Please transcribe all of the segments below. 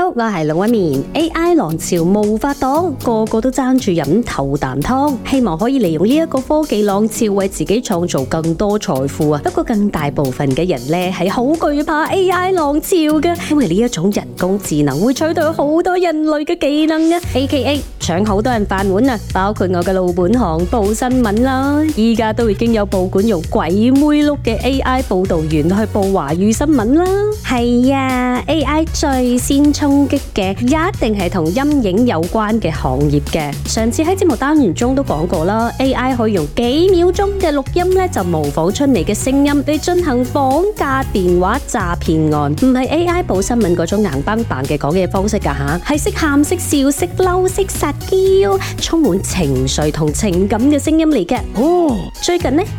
Hello，我係龍紋敏，AI 浪潮無法擋，個個都爭住飲頭啖湯。希望可以利用呢一個科技浪潮，為自己創造更多財富啊！不過更大部分嘅人咧，係好懼怕 AI 浪潮噶，因為呢一種人工智能會取代好多人類嘅技能啊，AKA 搶好多人飯碗啊！包括我嘅老本行報新聞啦，依家，都已經有報館用鬼妹碌嘅 AI 報道員去報華語新聞啦。係啊，AI 最先出攻擊嘅一定係同陰影有關嘅行業嘅。上次喺節目單元中都講過啦，AI 可以用幾秒鐘嘅錄音咧，就模仿出嚟嘅聲音嚟進行綁架電話詐騙案，唔係 AI 報新聞嗰種硬邦邦嘅講嘢方式噶吓，係識喊、識笑、識嬲、識撒嬌，充滿情緒同情感嘅聲音嚟嘅。哦，最近呢。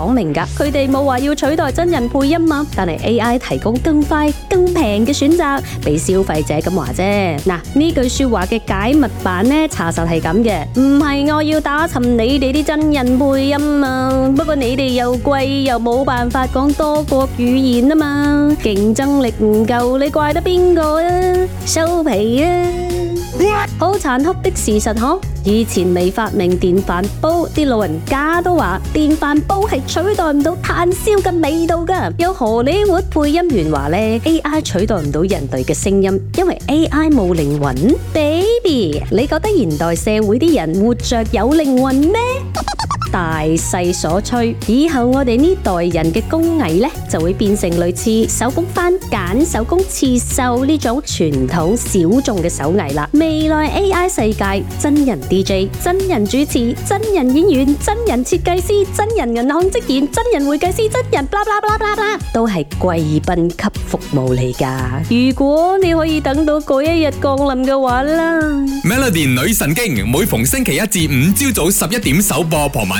講明噶，佢哋冇話要取代真人配音嘛，但係 AI 提供更快、更平嘅選擇俾消費者咁話啫。嗱，呢句說話嘅解密版呢，查實係咁嘅，唔係我要打沉你哋啲真人配音啊，不過你哋又貴又冇辦法講多國語言啊嘛，競爭力唔夠，你怪得邊個啊？收皮啊！好殘酷的事實嗬！以前未發明電飯煲，啲老人家都話電飯煲係取代唔到炭燒嘅味道噶。有荷里活配音員話咧，AI 取代唔到人類嘅聲音，因為 AI 冇靈魂。Baby，你覺得現代社會啲人活着有靈魂咩？大勢所趨，以後我哋呢代人嘅工藝呢，就會變成類似手工翻揀、手工刺繡呢種傳統小眾嘅手藝啦。未來 AI 世界，真人 DJ、真人主持、真人演員、真人設計師、真人銀行職員、真人會計師、真人，啦啦啦啦啦，都係貴賓級服務嚟㗎。如果你可以等到嗰一日降臨嘅話啦，Melody 女神經每逢星期一至五朝早十一點首播傍晚